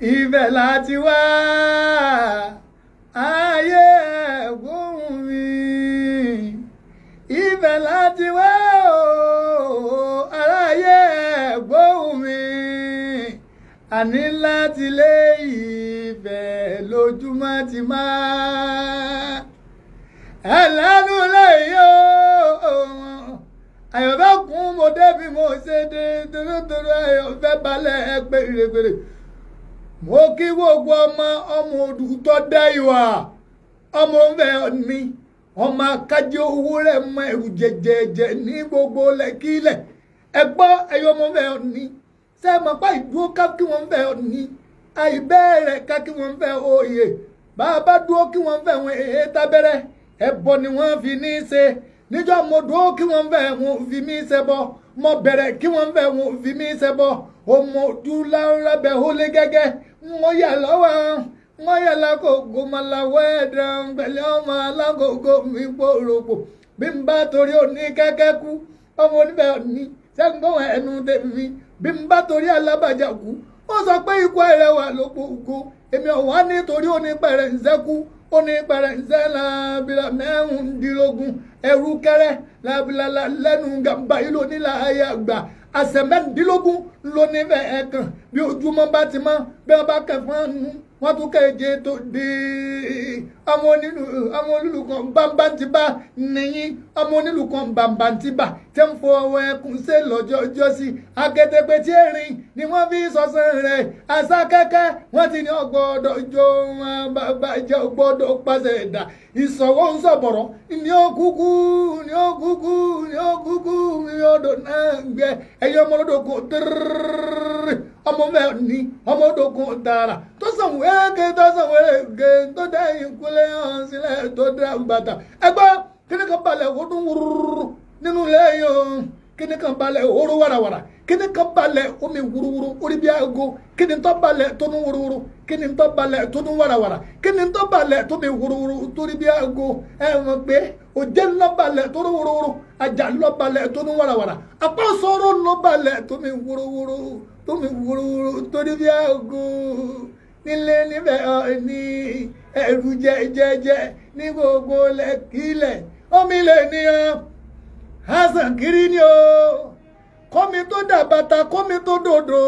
ibẹ̀ láti wá ayé ẹ̀gbọ́n mi ibẹ̀ láti wá aráyé ẹ̀gbọ́n mi àní láti lé ibẹ̀ lójúmọ́ ti máa ẹlẹ́nu lẹ́yìn o àyọ̀bẹ́ kún mo débi mo ṣe dé torótoró ayọ̀bẹ́ balẹ̀ ẹgbẹ́ rẹ̀ mo kí gbogbo ọmọ ọmọ odù tó dá ìwà ọmọ ọbẹ̀ mi ọmọ akájẹ owó rẹ̀ mọ ẹ̀rù jẹjẹjẹ ní gbogbo lẹ́kílẹ̀ ẹgbọ́ ẹ̀yọ́ ọmọ ọbẹ̀ ni ṣé ẹ pa ìdúró ká kí wọ́n fẹ́ ni àìbẹ́ẹ̀rẹ̀ ká kí wọ́n fẹ́ oyè bàbá dúró kí wọ́n fẹ́ wọn èyí ni fi ní í ṣe mo dúró kí wọn fi mí ṣe mo kí omodulabe hulegege mmoyalowa mmoyalakogomalawedambele ọmọ alágogo mi gbòrògbò bí n bá torí òní kẹ́kẹ́ kú ọmọ oníbẹ̀ ní sẹ́gbọ́n ẹnu tèmi bí n bá torí alábàjá kú ó sọ pé ikú ẹ̀rẹ̀ wà lóko èmi ọ̀wá nítorí òní pẹ̀rẹ̀ ń sẹ́kù ó ní pẹrẹsẹ làbílà mẹ́rùndínlógún ẹrú kẹrẹ làbílà lẹ́nu gàmbá yìí lónílà ayé àgbà àṣẹ mẹ́rìndínlógún ló ní ẹ̀ẹ̀kan bí ojúmọ́ bá ti mọ́ bí wọ́n bá kẹfọ́n nù wọ́n tún kéde tó dé ọmọ onílù ọmọ onílù kan bámbántìbá nìyín ọmọ onílù kan bámbántìbá tẹ́ ń fọ ọwọ́ ẹkùn ṣe lọ́jọ́ ọjọ́sí akétégbé tí erin ni wọ́n fi sọ̀sán rẹ àṣà kẹ́kẹ́ ti ní wọn bàbá ọmọ mẹ́rin ọmọ odogun tààrà tó sàn wéèké tó sàn wéèké tó dá ìkúlẹ̀ hàn sílẹ̀ tó dá bàtà ẹgbẹ́ kíní kan balẹ̀ wọ́dún wúrúrú nínú lẹ́yìn o kíní kan balẹ̀ oró wàràwàrà kíní kan balẹ̀ omi wúruwúru orí bí aago kíní tó balẹ̀ tónú wúruwúru kíní tó balẹ̀ tónú wàràwàrà kíní tó balẹ̀ tómi wúruwúru torí bí aago ẹ̀ mọ̀ pé òjé lọ́balẹ̀ tónú wúruwúru ajá lọ́balẹ̀ tónú wàràwàrà àpá sọ̀rọ̀ lọ́balẹ̀ tómi wúruwúru tó mi wúrúwúrú tó ní bí aago nílé níbẹ̀ ọ̀ọ́ni ẹ̀rù jẹjẹjẹ ní gbogbo lẹ́kílẹ̀ omi lè níyàn hasan kiri ni o kọ́mi tó dàbàtà kọ́mi tó dòdò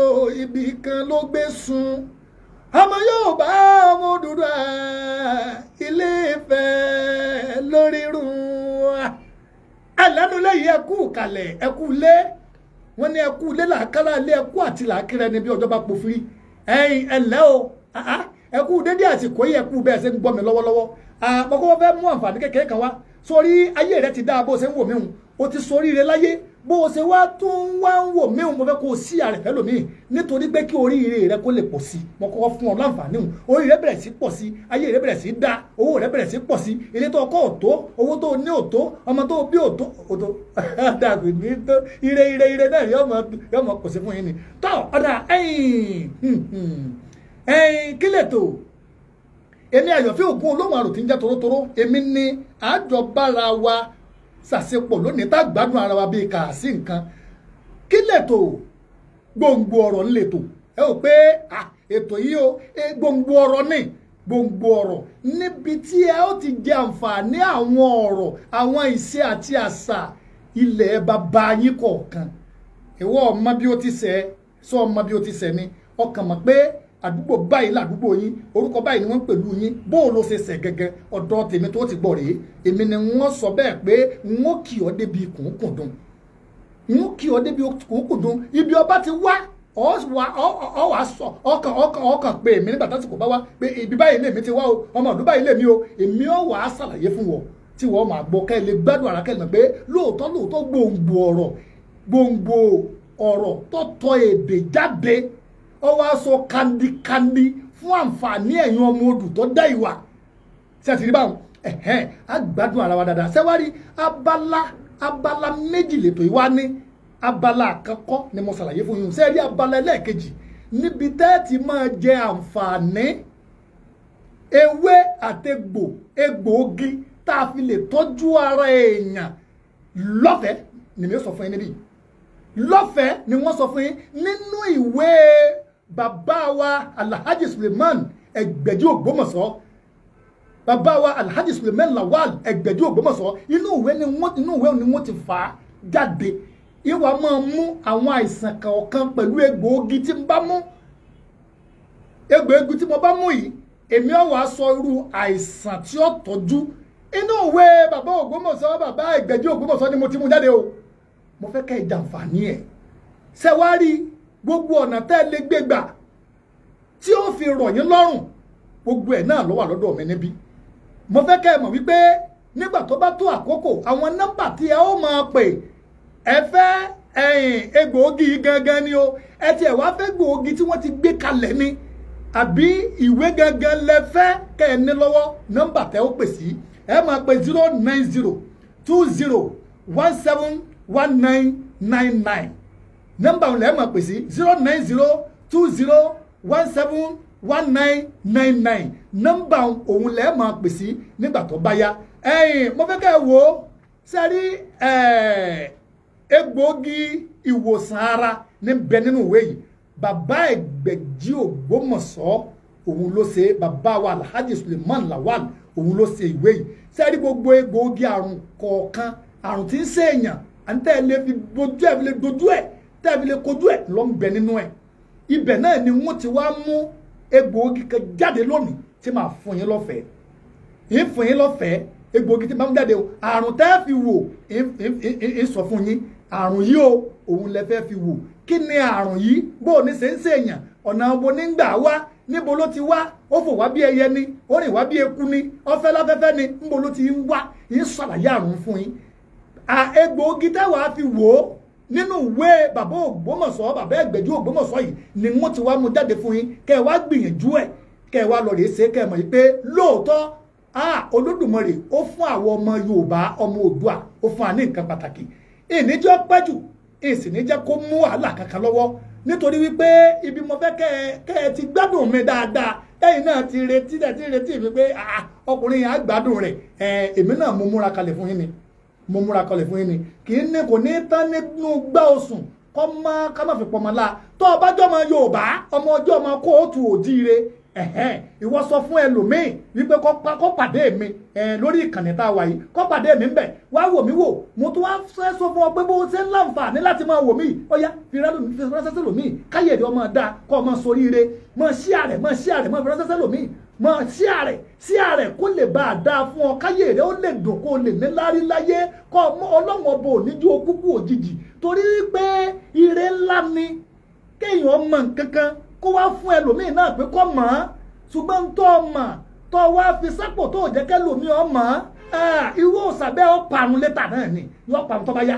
ibì kan ló gbé sun ọmọ yóò bá ọmọ Odùduwà ilé Ifẹ̀ lórí rùn alánulẹ̀ yìí ẹkú kalẹ̀ ẹkú lé wọ́n ní ẹkú ilé làákàrà ilé ẹkú àti làákìrà ẹni bí ọjọ́ bá pòfin ẹ̀yin ẹ̀lẹ́ o ẹkú dédé àsìkò yìí ẹkú bẹ́ẹ̀ ṣe ń gbọ́ mi lọ́wọ́lọ́wọ́ àpọ̀kọ́ fẹ́ mú àǹfààní kékeré kan wá sórí ayé rẹ ti dáa bó ṣe ń wò mí hùn o ti soríire láyé bó o ṣe wá tún wá ń wò míhun mo fẹ́ kó o sí ààrẹ fẹ́ lòmíì nítorí pé kí oríire rẹ kó lè pọ̀ sí mo kọ́kọ́ fún ọ láǹfààní hùn oríire bẹ̀rẹ̀ sí pọ̀ sí ayé rẹ bẹ̀rẹ̀ sí dá owó rẹ bẹ̀rẹ̀ sí pọ̀ sí ilé tó kọ́ òtó owó tó ní òtó ọmọ tó bí òtó òtó dàgbé ní tó ire ire ire náà yọmọ yọmọ kò sí fún yín ni tọ́ ọ̀dà ẹ̀yìn hmm, hmm. ẹ̀yìn kílẹ̀ tó èmi àyọ̀fẹ́ ògún olóhùn àròtí ń jẹ́ torótoró èmi ni àjọbára wa ṣàṣepọ̀ lónìí tá gbádùn ara wa bíi kà sí nǹkan kí lètò gbòǹgbò ọ̀rọ̀ ń lètò ẹ ò pé ètò yìí o e, gbòǹgbò ọ̀rọ̀ ni gbòǹgbò ọ̀rọ̀ níbi tí ẹ ó ti jẹ àǹfààní àwọn ọ̀rọ̀ àwọn ìṣe àti àṣà ilẹ̀ bàbá yín kọ̀ọ̀kan ìwọ ọmọ bí ó ti ṣe sọ ọmọ bí ó ti ṣe ni ọkàn mọ̀ pé àdúgbò báyìí làdúgbò yín orúkọ báyìí ni wọ́n ń pẹ̀lú yín bó o lọ ṣe ṣẹ̀ gẹ́gẹ́ ọ̀dọ̀ tèmi tó ti gbọ́ rèé èmi ni wọ́n sọ bẹ́ẹ̀ pé wọ́n kì ọ́ débi kùnkùn dùn wọ́n kì ọ́ débi kùnkùn dùn ibi ọba ti wá ọ wàá sọ ọkàn ọkàn ọkàn pé èmi nígbà tásìkò bá wá pé ibi báyìí lèmi ti wá o ọmọ ọdún báyìí lèmi o èmi ọ wàá ṣàlàyé fún wọn tí wọn máa gbọ́ kẹ́ gbádùn ara kẹ́ pé lóòótọ́ lóòótọ́ gbòǹgbò ọ̀rọ̀ gbòǹgbò ọ̀rọ̀ tó èdè jáde ó wá sọ kandikandi fún àǹfààní ẹ̀yin ọmọ odù tó dá ìwà ṣe àti rí báwọn ẹ̀hẹ́n á gbádùn ara wa dáadáa ṣẹ́wárí abala abala méjì lètò ìwá ní abala àkọ́kọ́ ni mo ṣàlàyé fún yín ṣẹ́ẹ̀rí abala ẹlẹ́ẹ̀kejì níbi tẹ́ẹ̀tì máa jẹ àǹfààní ewé àtegbò egbòogi tá a fi lè tọ́jú ara èèyàn lọ́fẹ̀ẹ́ ni mi sọ fún yín níbí lọ́fẹ̀ẹ́ ni wọ́n sọ fún yín nínú ìwé bàbá wa alhaji suleiman ẹgbẹ̀jì ògbómọ̀ṣọ́ bàbá wa alhaji suleiman lawal ẹgbẹ̀jì ògbómọ̀ṣọ́ inú ìwé ni wọ́n inú ìwé ni wọ́n ti fà á jáde ìwà máa mú àwọn àìsàn kọ̀ọ̀kan pẹ̀lú egbòogi tí n bá mú egbòogi tí mo bá mú yìí èmi ọ̀ wá sọ irú àìsàn tí ó tọ́jú inú ìwé bàbá ògbómọ̀ṣọ́ bàbá ẹgbẹ̀jì ògbómọ̀ṣọ́ ni mo ti mú jáde o mo fẹ́ kẹ́ ẹ jàǹfààní ẹ̀ ṣẹ́wárí gbogbo ọ̀nà tẹ́ lè gbé gbà tí ó fi rọ̀ yín lọ́rùn gbogbo ẹ̀ náà ló wà lọ́dọ̀ mi níbí mo fẹ́ kẹ́ ẹ mọ̀ wípé nígbà tó bá tó àkókò àwọn nọ́mbà tí ẹ ó máa pè ẹ fẹ́ ẹ̀yìn egbòogi gangan ni o ẹ tiẹ̀ wá fẹ́ gbòogi tí wọ́n ti gbé kalẹ̀ ni àbí ìwé gangan lẹ fẹ́ kẹ́ ẹ ní lọ́wọ́ nọ́mbà tẹ́ ó pè sí ẹ máa pè zero nine zero two zero one seven one nine nine nine. nọ́mbà òun lẹ́ẹ̀ mọ̀ pè sí zero nine zero two zero one seven one nine nine nine nọ́mbà òun lẹ́ẹ̀ mọ̀ pè sí nígbà tó bá yá ẹ̀yìn mo fẹ́ kẹ́ ẹ wo sẹ́rí egbòogi ìwòsàn ara ní bẹ nínú ìwé yìí bàbá ẹgbẹ̀jì Ògbómọ̀ṣọ́ òun ló ṣe bàbá wa Alhaji Suleiman Lawal òun ló ṣe ìwé yìí sẹ́rí gbogbo egbòogi àrùn kọ̀ọ̀kan àrùn tí ń ṣèèyàn àǹtẹ̀ lè fi dojú ẹ̀ fi lè dojú ẹ̀ tẹ́ẹ̀bí lè kojú ẹ̀ ló ń bẹ nínú ẹ̀ ibẹ̀ náà ni wọ́n ti wá mú egbòogi kan jáde lónìí tí màá fún yín lọ́fẹ̀ẹ́ yín fún yín lọ́fẹ̀ẹ́ egbòogi tí màá mú jáde o àrùn tẹ́ẹ̀ fi wò ń sọ fún yín àrùn yìí o òun lẹ fẹ́ fi wò kí ni àrùn yìí bó o ní ṣe ń ṣèyàn ọ̀nà ọ̀bọ nígbà wá níbo ló ti wá ó fò wá bí ẹyẹ ni ó rìn wá bí eku ni ọfẹ́ láfẹ́fẹ́ ni níbo ló ti ń wá yín ṣàlàyé àrùn fún yín egbòogi tẹ́wàá fi wò ó nínú ìwé bàbá ògbómọ̀ṣọ́ bàbá ẹgbẹ̀jú ògbómọ̀ṣọ́ yìí ni wọ́n ti wá mú jáde fún yín kẹ́ ẹ wá gbìyànjú ẹ̀ kẹ́ ẹ wá lọ rèé ṣe kẹ́ ẹ mọ̀ yìí pé lóòótọ́ olódùmarè ó fún àwọn ọmọ yorùbá ọmọ oòdùà ó fún wa ní nǹkan pàtàkì ìníjọ́ pẹ́jù ìsìníjẹ́ kó mú wàhálà kankan lọ́wọ́ nítorí wípé ibi mo fẹ́ kẹ́ ẹ kẹ́ ẹ ti gbádùn mi dáadáa lẹ́yìn náà ti retí tẹ̀ ti retí mi pé ọkùnrin yẹn á gbádùn rẹ̀ èmi náà mo múra kalẹ̀ fún yín ni mo múra kọlẹ̀ fún yín ni kì í ní kò ní tán nínú gbá osùn kọ́ má ká má fi pọ̀ mọ́ la tó o bá jọmọ Yorùbá ọmọ ọjọ́ ọmọ kóòtù òjíire ìwọ sọ fún ẹlòmíì wípé kọ́ pàdé mi lórí ìkànnì tá a wà yìí kọ́ pàdé mi ń bẹ̀ wá wò mí wò mo tún wá sọ fún ọ pé bó ṣe ń láǹfààní láti máa wò mí ọ̀yá fi ránṣẹ́ sẹ́lòmíì káyẹ̀dẹ̀ ọmọ dáa kọ́ ọmọ soríire mọ̀ ṣíà rẹ̀ mọ̀ ṣíà rẹ̀ mọ̀ fi ránṣẹ́ sẹ́lòmíì mọ sí àrẹ sí àrẹ kó lè bá a dáa fún ọ káyé rẹ ó lè dùn kó lè ní lárí láyé kọ ọlọ́wọ́n bò níjú okúkú òjijì torí pé ire ńlá ni kéèyàn mọ nǹkan kó wá fún ẹlòmíín náà pé kọ́ mọ̀ ṣùgbọ́n tó o mọ̀ tó o wá fi sápò tó o jẹ́ kẹ́lòmíín ọ mọ̀ irú òsàbẹ́ ọ létà náà ni yọ parun tó bá yá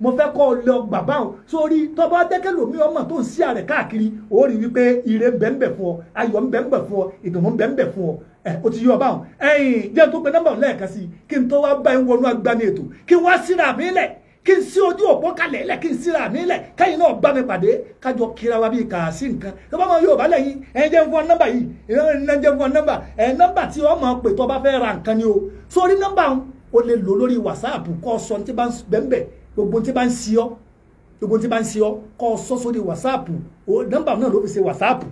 mo fẹ́ kọ́ ọ lọ bàbá o sórí tọ́ba dẹ́kẹ́ lomi ọmọ tó ń sí ààrẹ káàkiri ó rí wípé ire ń bẹ ń bẹ fún ọ ayọ̀ ń bẹ ń bẹ fún ọ ìdùnnú ń bẹ ń bẹ fún ọ ẹ o ti yọ ọba ọ ẹ̀yin jẹ́ tó pe nọ́mbà lẹ́ẹ̀kan sí kí n tó wá bá ń wọnú agbami ètò kí n wá síra mi lẹ̀ kí n sí ojú òpó kalẹ̀ lẹ̀ kí n síra mi lẹ̀ kẹ́yìn náà bá mi pàdé kájọ kíra wa bíi kà sí nǹkan tó bá máa yọ lẹ́yìn ẹ̀yin jẹ́ ń fún ọ nọ́mbà yìí ẹ̀yin jẹ́ ń fún ọ nọ́mbà ẹ̀ nọ́mbà tí ọmọ pè tó fẹ́ ra nǹkan ni o sórí nọ́mbà o lè lò lórí whatsapp kọ́ sọ ní tí bá ń bẹ́ńbẹ́ gbogbo tí bá ń si gbogbo tí bá ń si ọ́ kọ́ sọ whatsapp o nọ́mbà náà ló fi ṣe whatsapp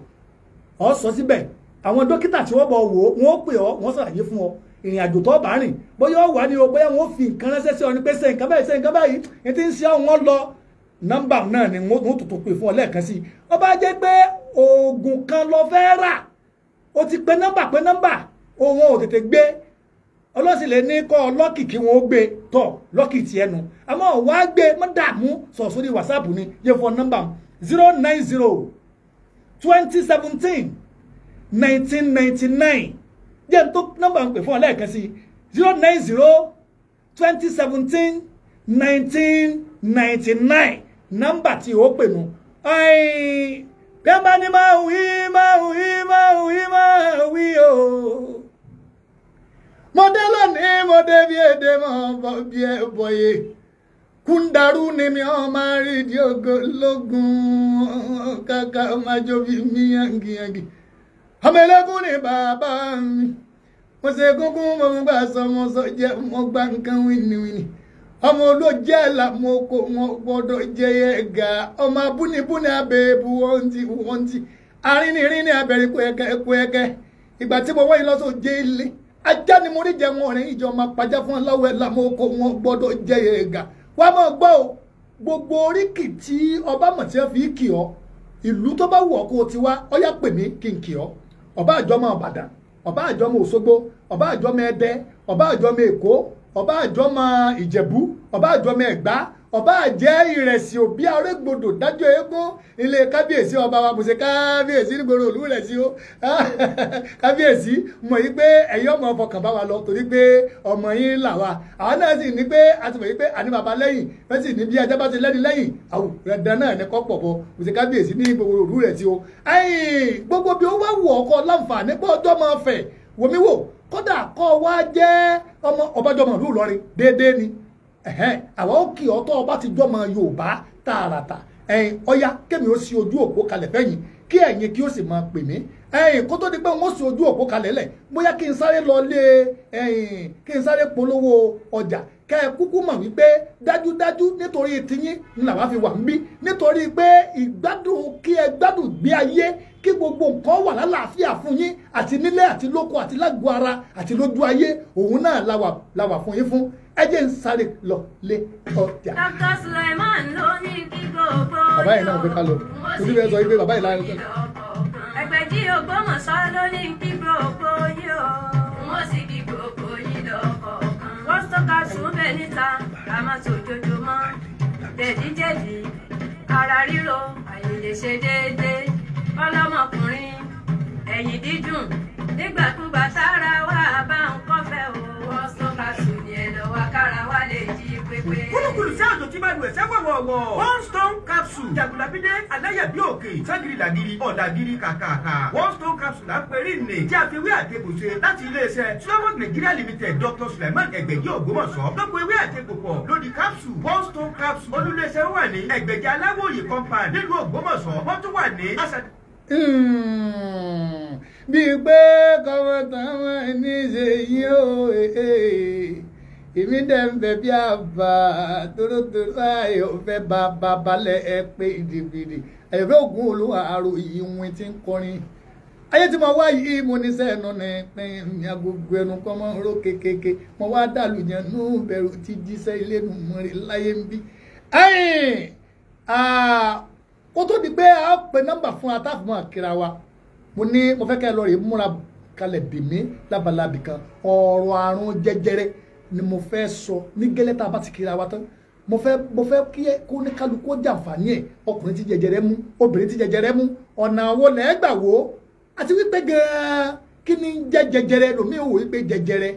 ọ́ sọ síbẹ̀ àwọn dókítà tí wọ́n bọ̀ wò ó wọ́n pè ọ́ wọ́n ṣàlàyé fún ọ ìrìn àjò tó bá rìn bóyá ọ̀wá ni o bóyá wọ́n fi nǹkan ránṣẹ́ sí ọ ní pé ṣe nǹkan báyìí ṣe nǹkan báyìí ní ti ń ṣe wọn lọ nọ́mbà náà ni wọ́n tún tún pè o ọ lẹ́ẹ̀kan o i ó bá jẹ́ pé oògùn kan lọ fẹ́ rà o ti pe nọ́mbà pe nọ́mbà òun ò tètè gbé ọlọ́sìnlẹ̀ ní kọ́ lọ́kìkí wọn ó gbé tọ̀ lọ́kìtì ẹnu àmọ́ wà á gbé mọ́dàmú sọ̀sọ́rí whatsapp ni yẹ fọ nọ́mbà zero nine zero twenty seventeen nineteen ninety nine jẹ́ n tó nọ́mbà ń pè fún ọ lẹ́ẹ̀kan sí zero nine zero twenty seventeen nineteen ninety nine nọ́mbà tí ó pè nù máa wí máa máa wí máa wí modeloni modebidemboyi kundarune miomari dị ogologo kaka majobi miya ngiyangi hamelaguni baba mi mosegungun mo mo gba so mo so jẹ mo gba nkan ọmọ olójẹ àlàmọkò wọn gbọ́dọ̀ jẹyẹ ga ọmọ abúnibúni abẹ́ẹ̀bù wọ́ntì wọ́ntì mo ajá ni mo rí jẹ wọn rìn ìjọ máa pàjá fún aláwọ̀ ẹ̀ lámọ́ oko wọn gbọ́dọ̀ jẹ ẹ̀gà wá máa gbọ́ o gbogbo oríkì tí ọba mọ̀tí ẹ fi kì ọ́ ìlú tó bá wù ọ́ kó o ti wá ọ yá pè mí kí n kì ọ́ ọba àjọmọ Ìbàdàn ọba àjọmọ Òṣogbo ọba àjọmọ Ẹdẹ ọba àjọmọ Èkó ọba àjọmọ ìjẹ̀bú ọba àjọmọ ẹ̀gbá ọba àjẹ́ ìrẹsì òbí arẹ́gbọdọ̀ dájọ́ eégún ilé kábíyèsí ọba wa mọ̀sẹ̀ kábíyèsí nígboro òlú rẹ̀ sí o kábíyèsí mọ̀ yí pé ẹ̀yin ọmọ ọfọkàn bá wa lọ torí pé ọmọ yín là wa àwọn náà sì ní pé a ti mọ̀ yí pé àní bàbá lẹ́yìn wọ́n sì ní bí ajá bá ti lẹ́ni lẹ́yìn àwọn dandan náà ní kọ́ pọ̀pọ̀ mọ̀sẹ̀ kábíyèsí ní gbogbo òlú rẹ̀ sí o gbogbo bí ó wá wù ọkọ láǹfààní pọ̀ ọjọ́ máa fẹ̀ wòmíwò kódà kọ́ wá jẹ́ ọmọ ọbájọmọ ìlú Ìlọrin déédéé ni àwa ó kì ọ́ tọ́ ọba ti jọmọ Yorùbá tààràtà ẹ̀yìn ọya kémi ó sì ojú òpó kalẹ̀ fẹ́yìn kí ẹ̀yin kí ó sì máa pè mí ẹ̀yìn kó tó di pé wọ́n sì ojú òpó kalẹ̀ lẹ̀ bóyá kí n sáré kí n sáré polówó ọjà kẹ́ ẹ kúkú mọ̀ fi wà ń bí nítorí pé ìgbádùn kí ẹ gbádùn kí gbogbo nǹkan wà lálàáfíà fún yín àti nílé àti lóko àti lágbo ara àti lójú ayé òun náà la wà fún yín fún ẹ jẹ́ ń sáré lọ lé ọjà. Dr. Suleiman ló ní kí gbogbo bàbá yìí náà fi ká lọ torí bẹ́ẹ̀ sọ wípé bàbá yìí láàrin. ẹgbẹ̀jì Ògbómọ̀ṣọ́ ló ní kí gbogbo wọ́n sì kí gbogbo lọ́kọ̀ọ̀kan. wọ́n tọ́ka sùn bẹ́ẹ̀ níta àmọ́ sòjòjò mọ́ jẹ̀díjẹ̀dí ara ríro àyè lè ṣe déédéé ọlọ́mọkùnrin ẹ̀yìn dídùn nígbàkúgbà sára wà bá ń kọ́fẹ́ owó sọ́ka sùn ní ẹ̀lọ́ wa kára wa lè jí pépé. kúlùkùlù sí àjò tí bá lu ẹ̀sẹ̀ wọ̀wọ̀wọ̀. one stone capsule jagunlabide aláyẹ̀bí òkè ságiri làgiri ọ̀dàgiri kàkàkà. one stone capsule àpẹẹrẹ ìnè tí a fi wé àtẹ̀kù ṣe láti iléeṣẹ́ sulawok nigeria limited Doctor suleiman ẹgbẹ̀jì ògbómọ̀ṣọ́ lọ́pọ̀ ewé àtẹ̀kù pọ̀ lórí capsule one stone capsule olùléeṣẹ́ wà ní ẹgbẹ̀jì aláwòye compound nílùú ògbómọ̀ṣọ́ wọ́n tún wà ní Hmm. bíi pé kọ́mọ táwọn ṣe yí ó eh. èmi dẹ̀ ń bẹ̀ bí àbá torótoró ayọ̀ fẹ́ bá babalẹ̀ ẹ pé ìdìbìdì ẹ̀rẹ́ ògùn olúwa àròyìn win ti ń kọrin ayé tí mo wá yìí mo ní sẹ́ẹ̀nù ní pín ya. ẹnu ró ó tó di pé a pe nọ́mbà fún atáfùmọ́ àkìrà wa mo ní mo fẹ́ kẹ́ ẹ lọ rè múra kalẹ̀ dè mí lábalábì kan ọ̀rọ̀ àrùn jẹjẹrẹ ni mo fẹ́ sọ ní gẹ́lẹ́ tá a bá ti kira wa tán mo fẹ́ mo fẹ́ kí ẹ kó ní kálukú jàǹfààní ẹ̀ ọkùnrin tí jẹjẹrẹ mú obìnrin tí jẹjẹrẹ mú ọ̀nà wo lẹ́ gbà wò àti wípé gan-an kí ni jẹ́ jẹjẹrẹ lómi ò wípé jẹjẹrẹ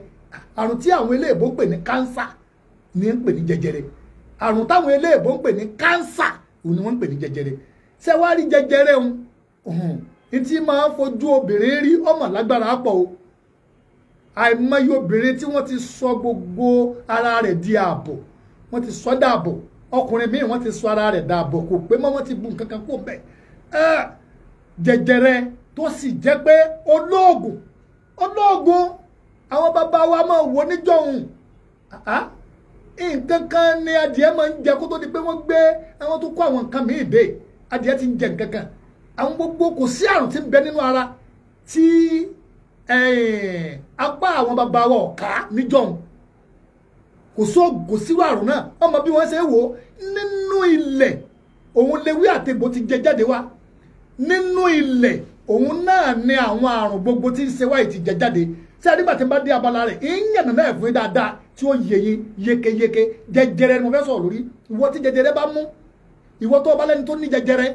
àrùn tí àwọn eléèbó pè ní kánsà ni ń pè ní jẹjẹrẹ àrùn táwọn eléèbó ń pè ní kánsà òun ni wọ́n ń pè ní jẹjẹrẹ ṣé wàá rí jẹjẹrẹ ń ntí máa fojú obìnrin rí ọmọ lágbára pọ̀ o àìmọye obìnrin tí wọ́n ti sọ gbogbo ara rẹ̀ di ààbò wọ́n ti sọ dààbò ọkùnrin míì wọ́n ti sọ ara rẹ̀ dààbò kò pé mọ́ wọ́n ti bu nǹkan kan kó bẹ̀ jẹjẹrẹ tó sì jẹ́ pé olóògùn olóògùn àwọn bàbá wa máa wò níjọ̀hún nǹkan kan ni adìẹ máa ń jẹ kó tó di pé wọ́n gbé àwọn tó kó àwọn nǹkan míì dé adìẹ ti ń jẹ nǹkan kan àwọn gbogbo kò sí àrùn tí ń bẹ nínú ara tí eh, apá àwọn bàbá wa ọ̀ka níjọ̀hún kò sóògùn kò sí àrùn náà ọmọ bí wọ́n ṣe wò ó nínú ilẹ̀ òun lewé àtẹ̀gbò ti jẹ jáde wá nínú ilẹ̀ òun náà ni àwọn àrùn gbogbo tí ń ṣe wáyé ti jẹ jáde tí adébà ti bá dé abala rẹ̀ ìyànnà náà fún yín dáadáa tí ó yẹ yékéyéké jẹjẹrẹ ni mo fẹ́ sọ̀rọ̀ lórí ìwọ tí jẹjẹrẹ bá mú ìwọ tó bá lẹ́ni tó ní jẹjẹrẹ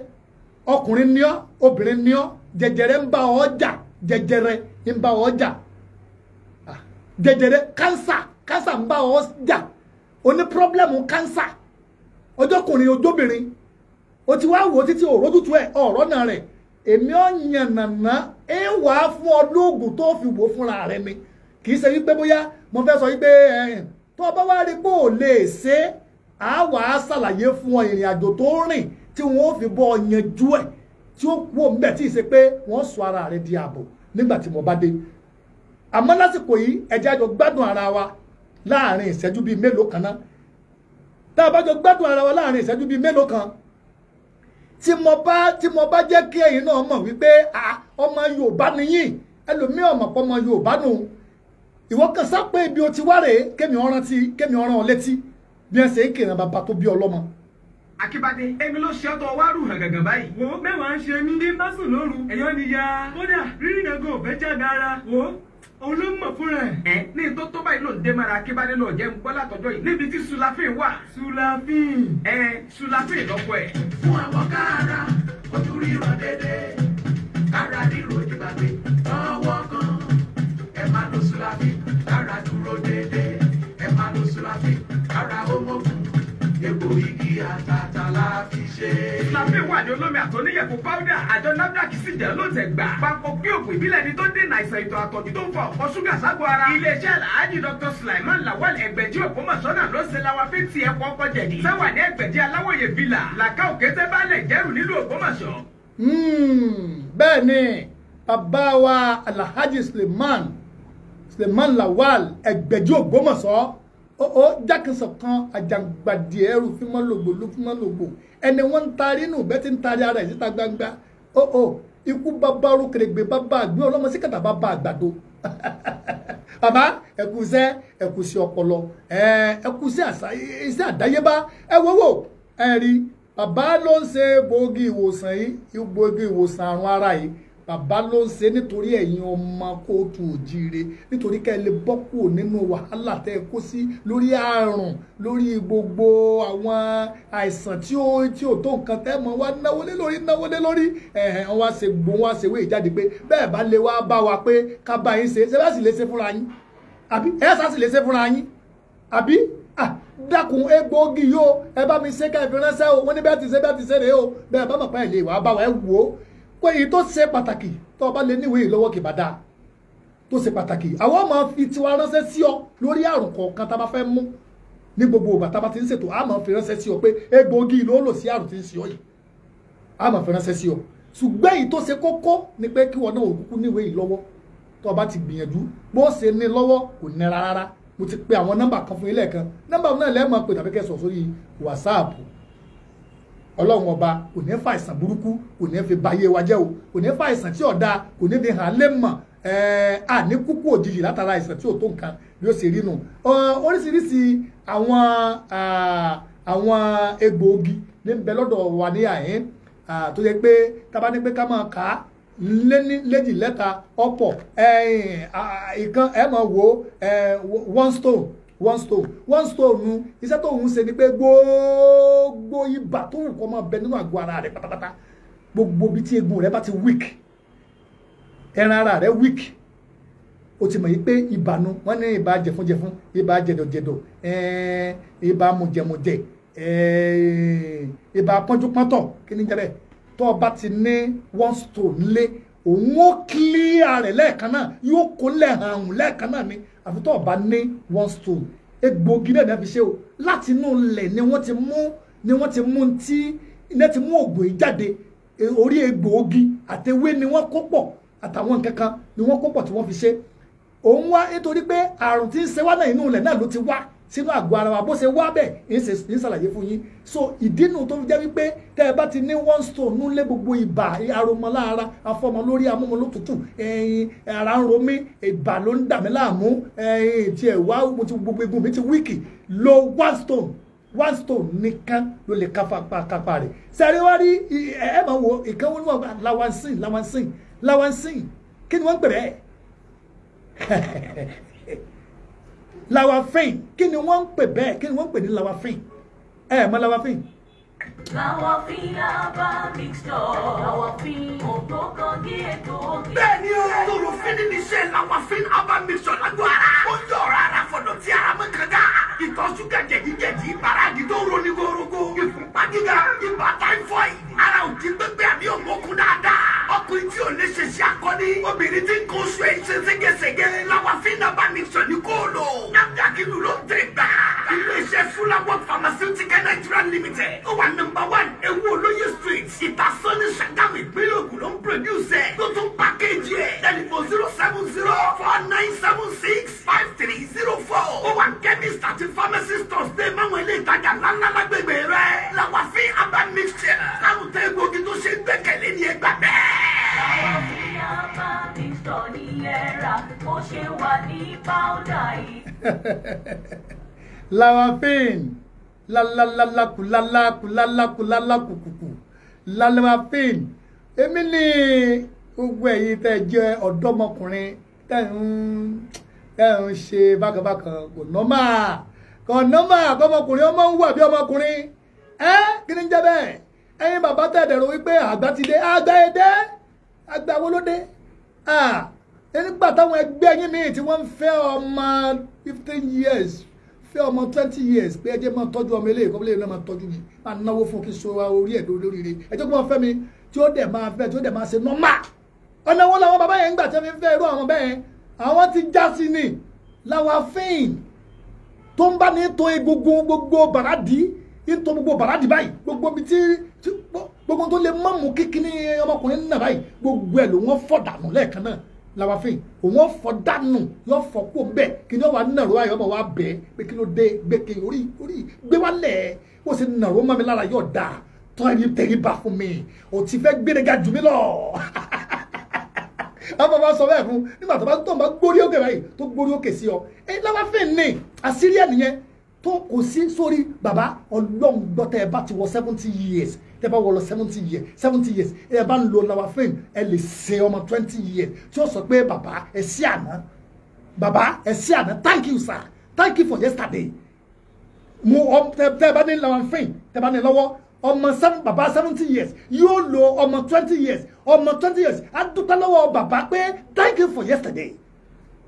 ọkùnrin ní ọ obìnrin ní ọ jẹjẹrẹ ń bá ọ jà jẹjẹrẹ ń bá ọ jà ah, jẹjẹrẹ ń bá ọ jà o ní pírọ́blẹ́mù kansa ọjọ́kùnrin o ti wá wò títí òrójútu ẹ̀ ọ̀rọ̀ náà rẹ̀ èmi ò yànnàná ẹ fi wò fúnra rẹ mi kì í ṣe wípé bóyá mo fẹ́ sọ wípé tó a wà á ṣàlàyé fún wọn ìrìn àjò tó ń rìn tí wọn ò fi bọ́ ọ yanjú ẹ̀ tí ó kú òmùbẹ̀ tí ì ṣe pé wọ́n sọ ara rẹ̀ di ààbò nígbà tí mo bá dé àmọ́ lásìkò yìí ẹ̀jẹ̀ àjọ gbádùn ara wa láàrin ìṣẹ́jú bíi mélòó kan náà tá a bá jọ gbádùn ara wa láàrin ìṣẹ́jú bíi mélòó kan tí mo bá tí mo bá jẹ́ kí ẹ̀yin náà mọ̀ wípé ọmọ Yorùbá nìyín ẹlòmíì ọmọ pọ́ ọmọ Yorùbá nù ìwọ kan sápẹ́ ibi o ti wá rèé kémi ọ̀ràn ti kémi ọ̀ràn ọ létí bí ẹ ṣe é kìrìnà bàbá tó bí ọlọ́mọ. Akíbádé èmi ló ṣe ọtọ wárù hàn gàngàn báyìí. wo mẹ́wàá ń ṣe mí ní básùn lóru ẹ̀yọ́ ni ya kódà rírì náà kò fẹ́ jáde ara wo òun ló mọ̀ fúnra ẹ̀. ẹ ní ìtọ́ tó báyìí ló ń dé mara akíbádé lọ jẹ́ ń gbọ́ látọjọ́ yìí níbi tí sulafin wà. sulafin. ẹ sulafin lọkọ ẹ. fún àwọn káàrà ojú ríran dédé káàrà ríro ìgbàgbé àtàtà la fi ṣe. Ìsàmì wà ní olómi àtọ́níyẹ̀kú powder àjọ NAFDAC sì jẹ́ lóòtẹ̀ gbà. Papọ̀ pé òògùn ìbílẹ̀ ni tó dènà àìsàn ìtọ̀ àtọ̀jú tó ń fa ọ̀pọ̀ ṣúgà ságo ara. Iléeṣẹ́ Alhaji Dr. Sulaiman Lawal Ẹgbẹ̀jì Ògbómọ̀ṣọ́nà ló ṣe lawa fi ti ẹ̀kọ́ ọkọ̀ jẹ̀dí. Sáwà ní Ẹgbẹ̀jì Aláwòye Villa, Làkà Òkété Bálẹ̀ ó jákèsàn kan àjàgbàdì ẹrù fímọ́ lògbò ló fímọ́ lògbò ẹni wọ́n ń taari inú bẹ́ẹ̀ ti ń taari ara ẹ̀ síta gbangba ó ó ikú bàbá orókèrègbè bàbá àgbẹ̀ ọlọ́mọ sí kàtà bàbá àgbàdo bàbá ẹ̀kúsẹ́ ẹ̀kúsẹ́ ọpọlọ ẹ̀kúsẹ́ iṣẹ́ àdáyébá ẹ̀wọ́wọ́ ẹ̀rí bàbá ló ń ṣe gbòógì ìwòsàn yìí gbòógì ìwòsàn àrùn ara yìí bàbá ló ń ṣe nítorí ẹ̀yin ọmọ kóòtù òjíire nítorí ká ẹ lè bọ́ kúrò nínú wàhálà tẹ́ ẹ kó sí lórí àrùn lórí gbogbo àwọn àìsàn tí ó tí ò tó nǹkan tẹ́ mọ́ wá náwó lé lórí náwó lé lórí ẹ̀hẹ̀n wá ṣe gbòó wá ṣe wé ìjáde pé bẹ́ẹ̀ bá lè wá bá wa pé ká bá yín ṣe ṣe bá sì lè ṣe fúnra yín àbí ẹ̀ sá sì lè ṣe fúnra yín àbí dákun egbòogi yóò ẹ bá mi ṣe ká ìfiránṣẹ́ o wọ́n ní bẹ́ẹ̀ ti ṣe bẹ́ẹ̀ ti ṣe rèé o bẹ́ẹ̀ bá mọ̀ pé ẹ̀ lè wá bá wa ẹ wò ó pé èyí tó ṣe pàtàkì tó o bá lè níwèé yìí lọ́wọ́ kì bá dáa tó ṣe pàtàkì àwọn máa fi tiwa ránṣẹ́ sí ọ lórí àrùn kọ̀ọ̀kan tá a bá fẹ́ mú ní gbogbo ìgbà tá a bá ti ń ṣètò a máa fi ránṣẹ́ sí ọ pé egbòogi ló lò sí àrùn tí ń ṣe ọ yìí a máa fi ránṣẹ́ sí ọ ṣùgbọ́n èyí tó ṣe kókó ni pé kí wọn náà òkúkú níwèé yìí lọ́wọ́ tó o bá ti gbìyànjú bó pe àwọn nọ́mbà kan fún ọlọ́run ọba kò ní fa àìsàn burúkú kò ní fi bayé wa jẹ́ o kò ní fa àìsàn tí ọ̀dà kò ní fi hàn lé mọ̀ àní kúkú òjijì látara àìsàn tí ò tó nǹkan bí ó ṣe rí nù oríṣiríṣi àwọn àwọn egbòogi ní bẹ lọ́dọ̀ wa ní àyín tó yẹ pé tábà ní pé ká máa kà á léjì lẹ́ta ọ̀pọ̀ ìkan ẹ̀ mọ̀ wo one stone one stone one stone iṣẹ́ tó ń ṣe ni pé gbogbo ibà tó ń kọ́ máa bẹ nínú àgọ́ ara rẹ̀ pátápátá gbogbo bí tí egun rẹ̀ bá ti weak ẹran ara rẹ̀ weak o ti mọ̀ yí pé ìbànú wọ́n ní ìbà jẹ̀fúnjẹ̀fún ìbà jẹ̀dọ̀jẹ̀dọ̀ ìbà mùjẹ̀mùjẹ̀ ìbà pọ́njúpọ́ntọ̀ kí ni jẹ́ bẹ́ẹ̀ tó o bá ti ní one stone lé òun ó clear rẹ̀ lẹ́ẹ̀kan náà yóò kó lẹ́hàn àrùn lẹ́ẹ̀kan náà ni àfi tó bá ní one stone egbògi náà náà fi ṣe o láti inú ilẹ̀ ni wọ́n ti mú ni wọ́n ti mú ti iná ti mú ògbò yìí jáde orí egbògi àtewé ni wọ́n kó pọ̀ àtàwọn nǹkan kan ni wọ́n kó pọ̀ tí wọ́n fi ṣe òun wá nítorí pé àrùn tí ń ṣe wá náà inú ilẹ̀ náà ló ti wá sínú àgọ́ ara wa bó ṣe wá bẹ́ẹ̀ ń ṣàlàyé fún yín so ìdínú tó fi jẹ́ wípé tẹ́ ẹ bá ti ní one stone nílé gbogbo ibà aromọlára afọmọ lórí amúmọlótútù ẹyin ara ń ro mí ibà ló ń dà mí láàmú ẹyin tí ẹ wá mo ti gbogbo egun mi ti wíìkì lo one stone one stone nìkan ló lè kápá kápá rẹ̀ sẹ́rí wá rí ẹ ẹ máa wo ìkan wọn ni wọn lawansin lawansin lawansin kí ni wọ́n ń pè rẹ̀ lawafin kí ni wọ́n ń pè bẹ́ẹ̀ kí ni wọ́n ń pè ní lawafin ẹ mọ̀ lawafin. lawafin aba mixture lawafin òtó kan gé ètò òkè. bẹ́ẹ̀ni o olùfin ní níṣẹ́ lawafin aba mixture lágbo ara ó yọ ọ̀rọ̀ ara fọ̀dọ̀ tí ara mọ̀ kankan ìtọ̀ ṣúgà jẹ̀díjẹ̀dí ìbáraàdì tó roni gorogo ìfúnpá gíga ibà táífọ̀ì ara ò ti gbégbé àbí òmókun dáadáa ọkùnrin tí ò lè ṣe ṣe akọni obìnrin tí ń kó oṣù ẹ̀ ṣe ségesège làwọn fi ń góòlù. nàdàkìlù ló ń tẹ̀ gbà. iléeṣẹ́ fúláwọ́ pharmaceutical nigeria limited ó wà nọmba one ewu olóyè street ìtàsọ́ni sàgámù ìpínlẹ̀ ògùn ló ń produce ẹ̀ tó tún pàkéjì ẹ̀ tẹlifon zero seven zero lawafin lalalalaku lalaku lalaku lalaku kuku lalawafin èmi ní gbogbo ẹ̀yin tẹ́ jẹ́ ọ̀dọ́mọkùnrin tẹ́ ń tẹ́ ń ṣe bákanbákan kò nọ́mà kò nọ́mà kọ́mọkùnrin ọmọ ń wà bí ọmọkùnrin ẹ́ kí ni ń jẹ́ bẹ́ẹ̀ ẹ̀yin bàbá tẹ̀ dẹ̀rọ wípé àgbà ti dé àgbà yẹn dé àgbà wo ló dé nígbà táwọn ẹgbẹ́ yín míì tí wọ́n ń fẹ́ ọmọ fifteen years fẹ́ ọmọ twenty years pé ẹ jẹ́ máa tọ́jú ọmọ eléyìí kọ́ eléyìí náà máa tọ́jú mi máa náwó fún kí so orí ẹ̀ lórí rẹ̀ ẹ jẹ́ kó máa fẹ́ mi tí ó dẹ̀ máa fẹ́ tí ó dẹ̀ máa ṣe nọ́mà ọ̀nà wo làwọn bàbá yẹn ń gbà tẹ́ mi fẹ́ irú àwọn bẹ́ẹ̀ àwọn ti já sí ni làwọn afẹ́yìn tó ń bá ní tó egungun gbogbo bàrádì ń tó gbogbo bàrádì báyìí gbogbo ibi tí gbogbo tó làwàfin òun ò fọ dànù yóò fọ kó bẹ́ẹ̀ kí ni ó wà nàró ayọ̀ ọmọ wa bẹ́ẹ̀ pé kí ló dé gbèké orí orí gbé wa lẹ̀ ó sì nàró mọ́ mi lára yóò dà tọ́ ẹni tẹ̀yìn bá fún mi ò ti fẹ́ gbére ga jù mí lọ àwọn bàbá sọ bẹ́ẹ̀ fún nígbà tó bá tó bá gbórí òkè báyìí tó gbórí òkè sí ọ ẹ làwàfin ni àṣírí ẹ̀ nìyẹn tó kò sí sórí bàbá ọlọ́run gbọ́tẹ́ bá ti wọ seventy years tẹ́ bá wọ seventy years seventy years ẹ bá ń lo lawafin ẹ lè sin ọmọ twenty years tí ó sọ pé bàbá ẹ sí àná bàbá ẹ sí àná thank you sir thank you for yesterday mo ọ tẹ́ bá ní lawafin tẹ́ bá ní lọ́wọ́ ọmọ seven bàbá seventy years yóò lo ọmọ twenty years ọmọ twenty years á dúpẹ́ lọ́wọ́ Baba pé thank you for yesterday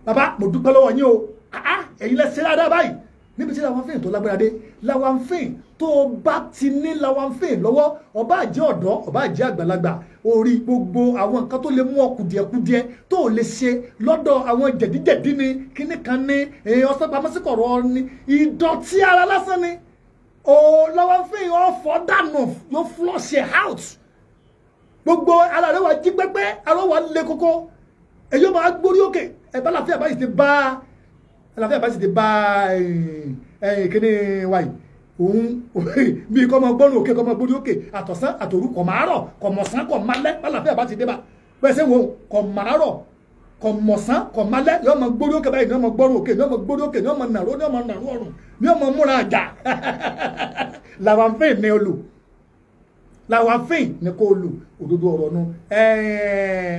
bàbá mo dúpẹ́ lọ́wọ́ yín o ah, ah, ẹ̀yin lẹ ṣe dáadáa báyìí níbi tí Lawanfain tó lágbára dé Lawanfain tó bá ti ní Lawanfain lọ́wọ́ ọba àjẹ́ ọ̀dọ́ ọba àjẹ́ àgbàlagbà orí gbogbo àwọn nǹkan tó lè mú ọkùdìẹ̀kudiẹ tó lè ṣe lọ́dọ̀ àwọn jẹ̀díjẹ̀dí ni kíní kan ní eh, ọ̀sẹ̀ pamọ́síkọ̀rọ̀ ni ìdọ̀tí ara lásán ni o Lawanfain ọ̀fọ̀ dànù yóò flush it out gbogbo ara rẹ̀ wá jí pẹ́pẹ́ ara wà lé kókó èyí ó máa gbórí òkè ẹ̀ bá làfẹ́ àbáyé ti bá a àlàáfíà bá sì ti bá kíní wa yìí òun bí kọ́ mọ gbọ́nù òkè kọ́ mọ gbórí òkè àtọ̀sán àtòru kọ̀ màárọ̀ kọ̀ mọ̀sán kọ̀ málẹ́ àlàáfíà bá ti dé bá bẹ́ẹ̀ sẹ́ wo kọ̀ màárọ̀ kọ̀ mọ̀sán kọ̀ málẹ́ yọ mọ gbórí òkè báyìí yọ mọ gbọ́rù òkè yọ mọ gbórí òkè yọ mọ nàró yọ mọ nàró ọ̀run yọ mọ múra àjà làwàfín ni olù làwàfín ni kò olù òdodo ọ̀rọ̀ nu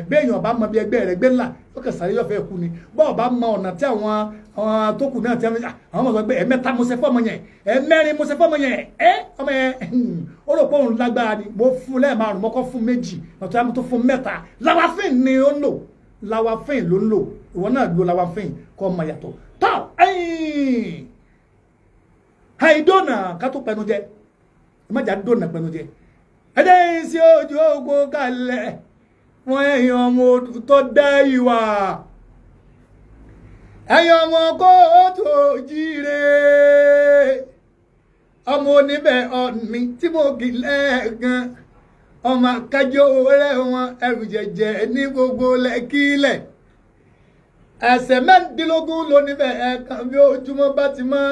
béèyàn bá mọ bí ẹgbẹ́ rẹ̀ gbé ńlá ó kẹsàrí yọ̀fẹ́ kú ni bọ́ọ̀ bá mọ ọ̀nà tí àwọn àwọn tó kù náà ti ah, àwọn ọmọ sọ pé ẹ̀mẹ́ta mo ṣe fọ́ọ̀mù yẹn ẹ̀mẹ́rin mo ṣe fọ́ọ̀mù yẹn ẹ ọmọ yẹn ó rò pé òun lágbára ni mo fún lẹ́ẹ̀márùn mọ́kọ́ fún méjì ọ̀tún àmì tó fún mẹ́ta lawafin ni ó ń lò lawafin ló ń lò ìwọ náà lo lawafin kọ́ ọmọ yàtọ̀ tọ́ àìdọ́nà ká pẹnu jẹ ẹ dọ́nà pẹnu jẹ ẹ̀dẹ́yìn sí ojú ogun kalẹ̀ wọ́n ẹ̀yìn ọmọ tó dá ìwà. ẹ̀yin ọmọ kóòtù jíire ọmọ oníbẹ̀ ọ̀nì tí mo kì lẹ́ẹ̀kan ọmọ akájọ rẹ wọn ẹrù ní gbogbo lẹ́kílẹ̀ ẹ̀sẹ̀ mẹ́rìndínlógún lóníbẹ̀ ẹ̀ẹ̀kan bí bá ti mọ́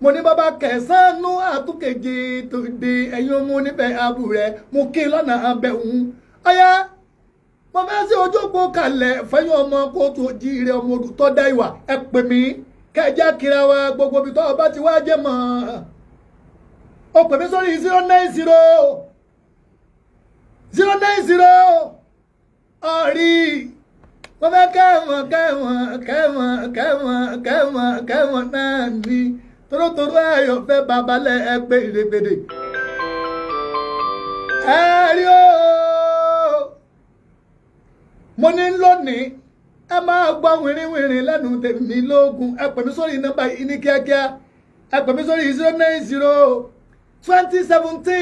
mo ní bàbá de ọmọ mo kí mo fẹ́ ṣe ojókòó kalẹ̀ fẹ́yìn ọmọ kóòtù jíire ọmọ olùtọ́ dá ìwà ẹ pè mí kẹjá kira wa gbogbo ibi tó ọba ti wá jẹ mọ́ o pè mí sórí zero nine zero zero nine zero ọ̀rí mo fẹ́ kẹ́wọ̀n kẹ́wọ̀n kẹ́wọ̀n kẹ́wọ̀n kẹ́wọ̀n kẹ́wọ̀n náà ní torótoró ayọ̀ fẹ́ babalẹ̀ ẹgbẹ́ ìrèbèrè ẹ rí o. mo ní lónìí ẹ máa gbọ́ wìrìwìrìn lẹ́nu tèmi lóògùn ẹ pè mí sórí nọ́mbà yìí ní kíákíá ẹ pè mí sórí zero nine zero twenty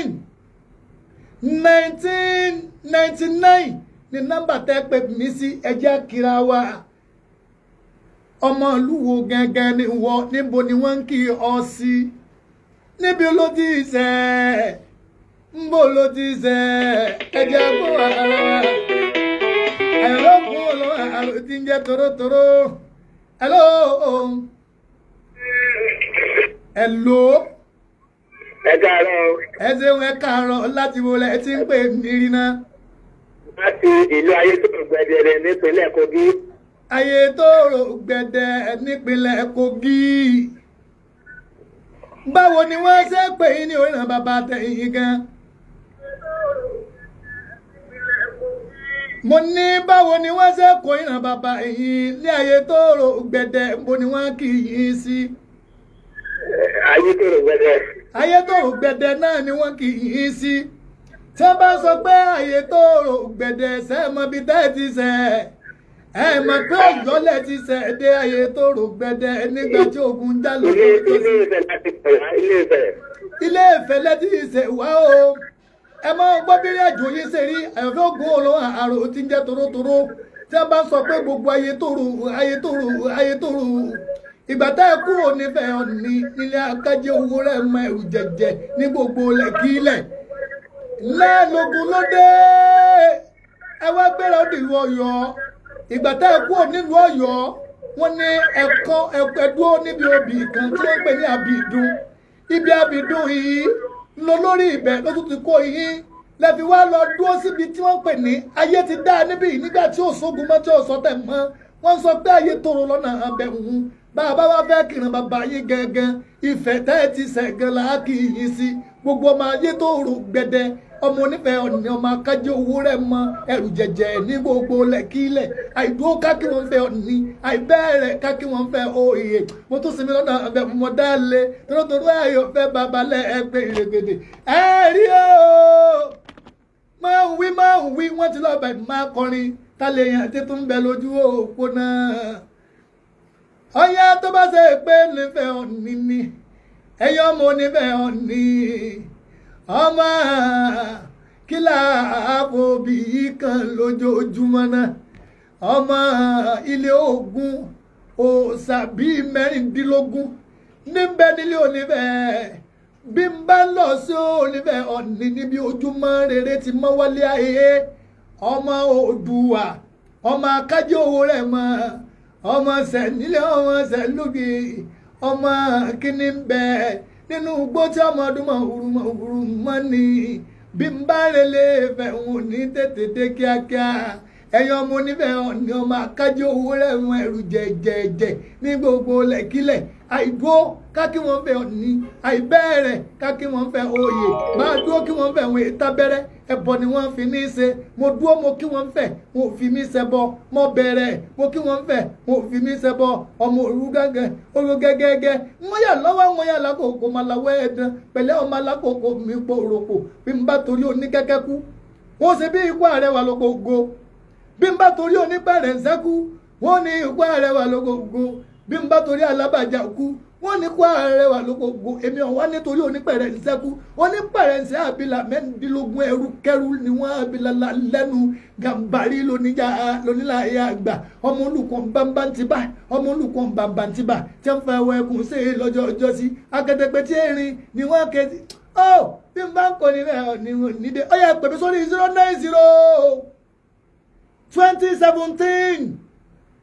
ní nọ́mbà tẹ́ pè mí sí ẹjẹ́ kíra wa ọmọ ìlú gẹ́gẹ́ ni níbo ni wọ́n ń kí ọ sí níbi Hello, hello, hello, ti ń jẹ́ torotoro. Hello. Hello. Ẹ káàárọ̀. Ẹ ṣeun ẹ káàárọ̀ láti wo lẹ ti ń pè mí ná. Láti ìlú Ayétòrò Gbẹ̀dẹ̀ nípínlẹ̀ Kogi. Ayétòrò Gbẹ̀dẹ̀ nípínlẹ̀ Kogi. Báwo ni wọ́n ṣe pè yín ní oríran bàbá gan mo ní báwo ni wọ́n ṣe kó ìran bàbá yìí lé ayé tó rò gbẹ̀dẹ̀ mo ni wọ́n kì í yín sí. ayé tó rò gbẹ̀dẹ̀. ayé tó rò gbẹ̀dẹ̀ náà ni wọ́n kì í yín sí. tí wọ́n bá sọ pé ayé tó rò ṣe mọ tẹ́ ti ṣe ẹ mọ̀ pé ọ̀yọ́lẹ̀ ti ṣe dé ayé tó rò gbẹ̀dẹ̀ nígbà tí ogun já lórí. ilé ìfẹ́ lẹ́tí ìṣèwá o. ẹ máa gbọ́ bí rí àjò yìí ṣe rí àyànfẹ́ ògùn òòlù àrò tí ń jẹ torótoró tí a bá sọ pé gbogbo ayé tòrò ayé tòrò ayé tòrò ìgbà tá ẹ kúrò ọ̀nì akájẹ́ owó rẹ̀ mọ ẹ̀rù jẹ̀jẹ̀ ní gbogbo lẹ́kílẹ̀ lẹ́ẹ̀lógún ló dé ẹ wá gbéra ó dìlú ìgbà tá ẹ kúrò nílùú ní níbi obì kan tí pè ní àbìdún ibi lọ lórí ibẹ̀ ló tún ti kó yín lẹ́fi wá lọ dúró síbi tí wọ́n pè ní ayé ti dá níbí nígbà tí ò sógun mọ́ tí ò sọ́tẹ̀ mọ́ wọ́n sọ pé ayé tòrò lọ́nà abẹ́hùn bàbá wa fẹ́ kìrìn bàbá yín ife ìfẹ́ tẹ́ ẹ ti sẹ̀gàn là á kì í gbogbo ọmọ ayé tó rò gbẹdẹ ọmọ onífẹ̀ẹ́ ọ̀nì ọmọ akájẹ́ owó rẹ̀ mọ ẹrù jẹ̀jẹ̀ ní gbogbo lẹ́kílẹ̀ àìdúró kákí wọn fẹ́ ọ̀nì àìbẹ́ẹ̀rẹ̀ kákí wọn fẹ́ òye mo tún sinmi lọ́nà mo dáálé torótoró ayọ̀ fẹ́ babalẹ̀ ẹgbẹ́ ẹ rí o máa ń wí máa ń wí wọ́n ti lọ́ọ́ ọyá tó bá ṣe pé nífẹ̀ẹ́ òní ni ẹ̀yọ́ ọmọ onífẹ̀ẹ́ òní ọmọ kílà àbòbí kan lójoojúmọ́ náà ọmọ ilé ogun òòsà bíi mẹ́rìndínlógún níbẹ̀ nílé bí n bá lọ sí onífẹ̀ẹ́ òní níbi ojúmọ́ rere ti mọ́ wálé ayé ọmọ ọmọ akájọ owó rẹ̀ mọ́ ọmọ ṣẹ̀ nílé ọmọ ṣẹ̀ lóge ọmọ kíní ń bẹ nínú igbó tí ọmọ ọdún mọ̀ òwúrú ni bí n bá relé ní tètè dé kíákíá ẹ̀yin ọmọ onífẹ̀ẹ́ ọ̀nì ọmọ akájọ owó ní gbogbo àìgbó kákí kákí ẹbọ ni wọ́n fi mí ṣe mo dúró mo kí wọ́n fẹ̀ mo fi mí ṣẹbọ mo bẹ̀rẹ̀ mo kí wọ́n fẹ̀ mo fi mí ṣẹbọ ọmọ òru gángan òru gẹ́gẹ́gẹ́ wọ́n yà lọ́wọ́ wọn yà lákòókò máa lawọ́ ẹ̀dán pẹ̀lẹ́ ọmọ alákòókò mi pọ̀ òròpò bí n bá torí oníkẹ́kẹ́ kú wọ́n ṣe bí ikú àrẹwà lógógó bí n bá torí oníbẹ̀rẹ̀ ń sẹ́kú wọ́n ní ikú àrẹwà lógógó bí n bá torí alábàjá kú wọ́n ní kó Arẹwà ló gbogbo èmi ọ̀wá nítorí onípẹ̀rẹ̀ ńsẹ́kú onípẹ̀rẹ̀ ńsẹ́ àbílà mẹ́ndínlógún ẹrú kẹrú ni wọ́n àbílà lẹ́nu gàmbàrí lóníjà lóníláyà àgbà ọmọ olùkọ́ bàbàǹtìbà ọmọ olùkọ́ bàbàǹtìbà tí wọ́n fẹ́ wọ ẹkùn sí i lọ́jọ́ ọjọ́ sí akẹ́tẹ́pẹ́ tí erin ni wọ́n ké ó bí n bá ń kọ́ni náà nídé ó yá pè mí sórí zero nine zero twenty seventeen.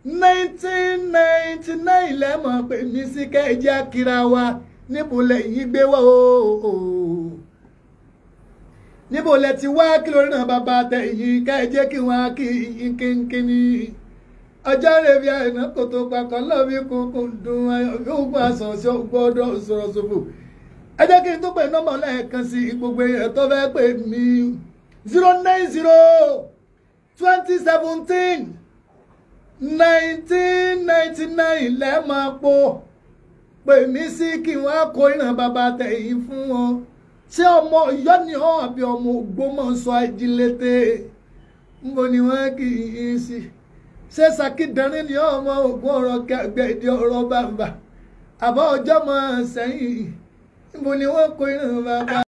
1999 ninety nine pé mi sí akira wa níbo lẹ́yìn gbé wá ooo níbo ti wá kí lórí náà bàbá tẹ̀yìn kẹ́jẹ́ kí wọ́n kí yín kínkínní àìná kò tó pakọ̀ kunkun dùn ayọ̀gbọ́n aṣọ ṣe gbọ́dọ̀ ẹ jẹ́ kí n tó pè nọ́mbà lẹ́ẹ̀kan sí 1999 ninety nine lẹ́ẹ̀mọ́ po pè mí sí kí wọ́n á kó ìran bàbá tẹ̀yìn fún wọn ṣé ọmọ Ọ̀yọ́ ni ọ àbí ọmọ Ògbómọ̀ṣọ́ ajílété níbo ni wọ́n kì í sí ṣé Ṣakídánrín ni ọmọ Ògùn ọ̀rọ̀ kẹgbẹ́dẹ ọ̀rọ̀ bàbà àbá ọjọ́ mọ́ sẹ́yìn níbo ni wọ́n kó ìran bàbá.